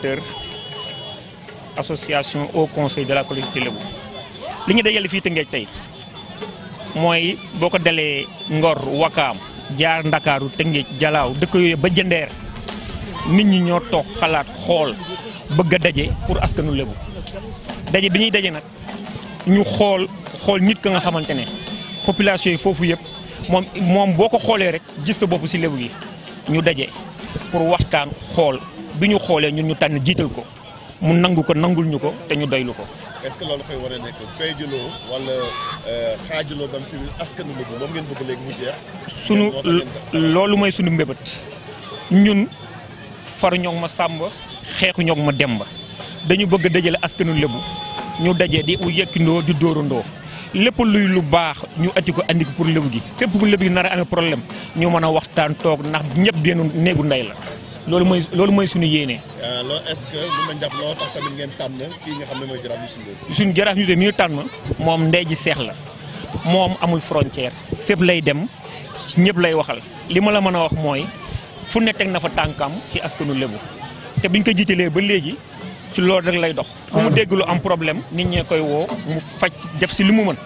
acteurs association au conseil de la collectivité Lébu li ñu dajale fii Tëngéej tey mooy boo ko dalee Ngor Wakaam jaar Ndakaaru Tëngéej Jalaaw dëkk yooyu ba jëndeer nit ñi ñoo toog xalaat xool bëgg a pour askanu lebu dajé biñuy dajé nak ñu xool xool nit ka nga xamante population yi fofu yépp mom moom boo ko rek gis sa bopp si Lébu gi ñu dajé pour waxtaan xool biñu xolé ñun ñu tan jiital ko mu nangu ko nangul ñuko ko te ñu doylu ko. est-ce que lolu fay war nek nekk péjuloo wala euh, xajulo bam ci askanu lu moom ngeen bëgg léegi mu jeex. sunu lolu moy suñu mbébat ñun far ñok ma samba xeexu ñok ma demba dañu bëgg dajël askanu lebu ñu dajé di yëkkindoo di dóorandoo lepp luy lu baax ñu ati ko andi ko pour lebu gi fepp bu lebu gi nara am problème ñu mëna waxtaan tok nak ñepp benn néegu nday la. loolu mooy loolu mooy suñu yéene. alors euh, est-ce que mën nañu jàpp loo tax tamit nga xam ne mooy jaraaf yu suñu jaraaf yu mi ñu tànn moom ndey ji seex la moom amul frontière fépp lay dem ñëpp lay waxal li ma la mën a wax mooy fu ne teg na fa tànkam ci askanu lébu te biñ ko jiitalee ba léegi ci loolu rek lay dox. fu mu ah. dégg am problème nit ñee koy woo mu faj def si li mu mën.